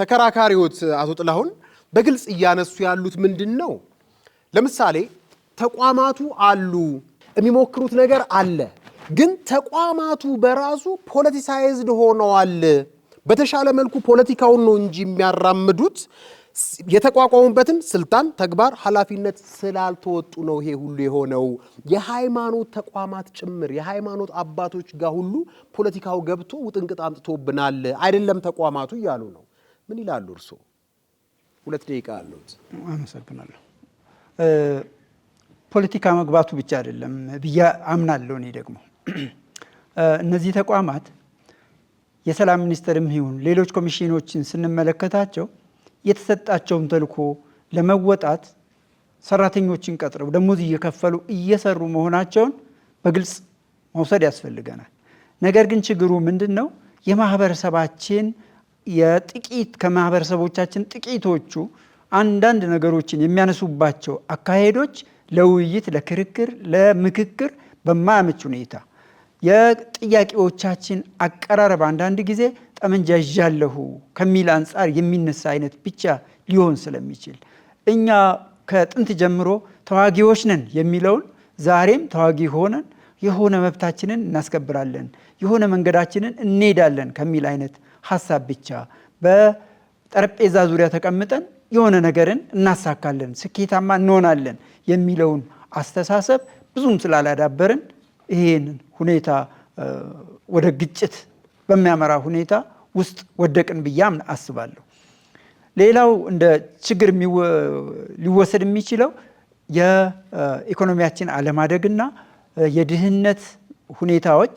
ተከራካሪዎት አቶ ጥላሁን በግልጽ እያነሱ ያሉት ምንድን ነው? ለምሳሌ ተቋማቱ አሉ፣ የሚሞክሩት ነገር አለ። ግን ተቋማቱ በራሱ ፖለቲሳይዝድ ሆነዋል። በተሻለ መልኩ ፖለቲካውን ነው እንጂ የሚያራምዱት የተቋቋሙበትን ስልጣን፣ ተግባር፣ ኃላፊነት ስላልተወጡ ነው ይሄ ሁሉ የሆነው። የሃይማኖት ተቋማት ጭምር የሃይማኖት አባቶች ጋር ሁሉ ፖለቲካው ገብቶ ውጥንቅጥ አምጥቶብናል፣ አይደለም ተቋማቱ እያሉ ነው። ምን ይላሉ እርስዎ? ሁለት ደቂቃ አለሁት። አመሰግናለሁ። ፖለቲካ መግባቱ ብቻ አይደለም ብዬ አምናለሁ። እኔ ደግሞ እነዚህ ተቋማት የሰላም ሚኒስቴርም ይሁን ሌሎች ኮሚሽኖችን ስንመለከታቸው የተሰጣቸውን ተልኮ ለመወጣት ሰራተኞችን ቀጥረው ደሞዝ እየከፈሉ እየሰሩ መሆናቸውን በግልጽ መውሰድ ያስፈልገናል። ነገር ግን ችግሩ ምንድን ነው? የማህበረሰባችን የጥቂት ከማህበረሰቦቻችን ጥቂቶቹ አንዳንድ ነገሮችን የሚያነሱባቸው አካሄዶች ለውይይት፣ ለክርክር፣ ለምክክር በማያመች ሁኔታ የጥያቄዎቻችን አቀራረብ አንዳንድ ጊዜ ጠመንጃ ይዣለሁ ከሚል አንጻር የሚነሳ አይነት ብቻ ሊሆን ስለሚችል እኛ ከጥንት ጀምሮ ተዋጊዎች ነን የሚለውን ዛሬም ተዋጊ ሆነን የሆነ መብታችንን እናስከብራለን፣ የሆነ መንገዳችንን እንሄዳለን ከሚል አይነት ሀሳብ ብቻ በጠረጴዛ ዙሪያ ተቀምጠን የሆነ ነገርን እናሳካለን፣ ስኬታማ እንሆናለን የሚለውን አስተሳሰብ ብዙም ስላላዳበርን ይህን ሁኔታ ወደ ግጭት በሚያመራ ሁኔታ ውስጥ ወደቅን ብያም አስባለሁ። ሌላው እንደ ችግር ሊወሰድ የሚችለው የኢኮኖሚያችን አለማደግና የድህነት ሁኔታዎች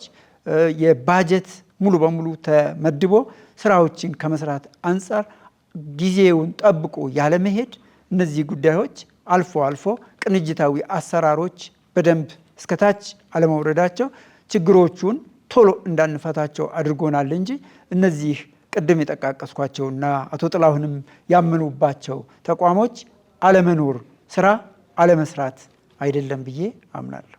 የባጀት ሙሉ በሙሉ ተመድቦ ስራዎችን ከመስራት አንጻር ጊዜውን ጠብቆ ያለመሄድ እነዚህ ጉዳዮች አልፎ አልፎ ቅንጅታዊ አሰራሮች በደንብ እስከታች አለመውረዳቸው ችግሮቹን ቶሎ እንዳንፈታቸው አድርጎናል እንጂ እነዚህ ቅድም የጠቃቀስኳቸውና አቶ ጥላሁንም ያመኑባቸው ተቋሞች አለመኖር ስራ አለመስራት አይደለም ብዬ አምናለሁ።